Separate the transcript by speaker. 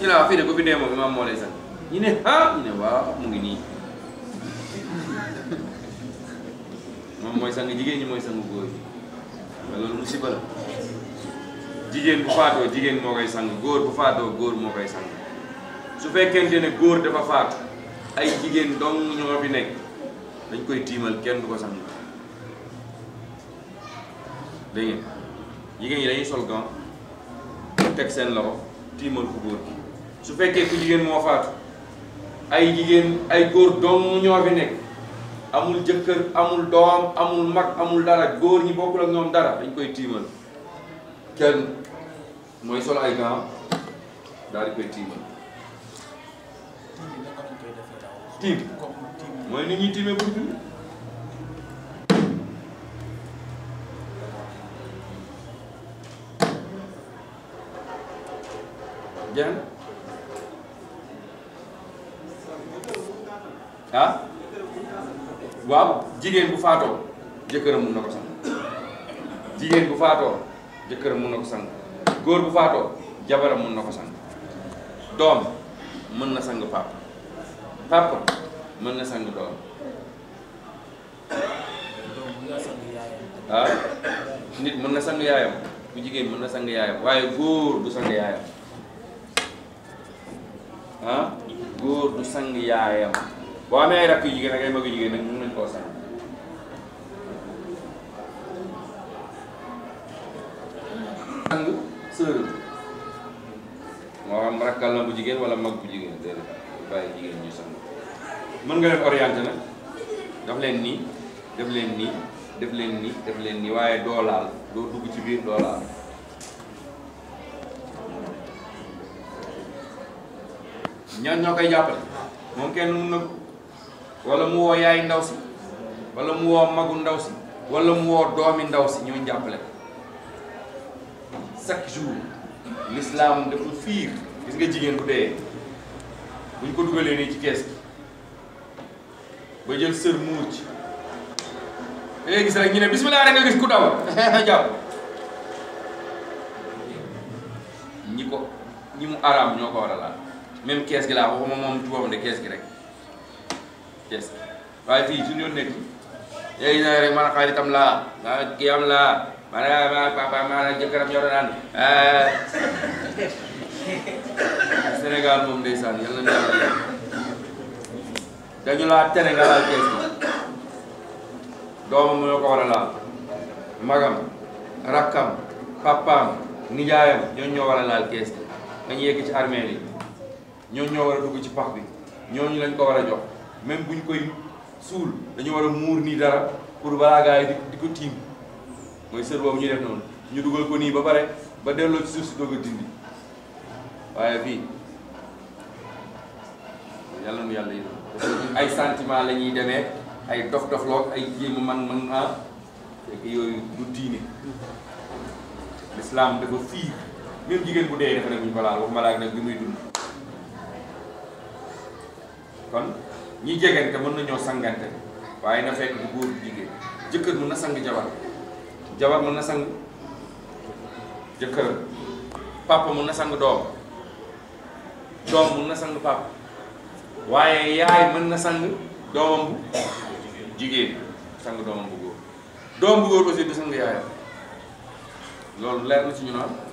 Speaker 1: ñu ne waaw fii de ku fi moo lay sax ñu ne ah ñu ne waaw mu ngi nii moom mooy sang jigéen ñi mooy sangu góor yi loolu musiba la jigéen bu faatoo jigéen moo koy sang góor bu faatoo góor moo koy sang su fekkente ne góor dafa faat ay jigéen dong ñoo fi nekk dañ koy tiimal kenn du ko sang dégg ngeen jigéen ñi dañuy sol gant teg seen loxo tiimal ku góor gi su fekkee ku jigéen moo faatu ay jigéen ay góor doomu ñoo fi nekk amul jëkkër amul doom amul mag amul dara góor ñi bokkul ak ñoom dara dañ koy tiimal kenn mooy solo ay gants daal di koy tiimal tiim mooy nit ñuy tiimee pour Dieng ah waaw jigéen bu faatoo jëkkëram mun na ko sang jigéen bu faatoo jëkkëram mun na ko sang góor bu faatoo jabaram mun na ko sang doom mën na sang papa papa mën na sang doom ah nit mën na sang yaayam bu jigéen mun na sang yaayam waaye góor du sang yaayam ah góor du sang yaayam boo amee ay rakk yu jigéen ak ay mag yu jigéen nag mën nañu koo sang sang sërëm moo xam rakkal na bu jigéen wala mag bu jigéen déedéet bàyyi jigéen ñu sang mën nga leen orienté nag daf leen nii def leen nii def leen nii def leen nii waaye doo laal doo dugg ci biir doo laal ñoom ñoo koy jàppale moom kenn mun na wala mu woo yaay ndaw si wala mu woo magu ndaw si walla mu woo doomi ndaw si ñooy jàppale chaque jour l'islam dafa fiir gis nga jigéen bu dee buñ ko dugalee nii ci kees gi ba jël sër muur ci da gis rek ñu ne bismillah rek nga gis ku daw jàpp ñi ko ñi mu araam ñoo ko war a laal même kees gi laa waxuma moom ci boppam de kees gi rek kees gi waaye fii suñu nekk léegi nag man xaritam laa man kii am laa man ma ah, papa man jëkkëram ñoo naan ah. Sénégal moom ndeysaan yàlla na yàlla dañu laa tere nga laal kees gi doomam moo ko war a laal magam rakkam papaam nijaayam ñooñu ñoo war a kees gi nga ñu yegg ci armée ñooñu ñoo war a dugg ci pax bi ñooñu lañ ko war a jox même buñ koy suul dañu war a muur nii dara pour balaa gars yi di ko tiim mooy sër boobu ñu def noonu ñu dugal ko nii ba pare ba delloo ci suuf si doog a dindi waaye fii yàlla nu yàlla yi ay sentiment la ñuy demee ay dof-dofloog ay jéem man man ah fekk yooyu du diine l'islam dafa fiir même jigéen bu dee dafa ne bu ñu ko laal waxuma laa bi muy dund kon ñi jegante mën nañoo sangante waaye na fekk du góor jigéen jëkkër mën na sang jabar jabar mën na sang jëkkër papa mën na sang doom doom mën na sang papa waaye yaay mën na sang doomam bu jigéen sang doomam bu góor doom bu góor aussi du sang yaayam loolu leer na ci ñu naan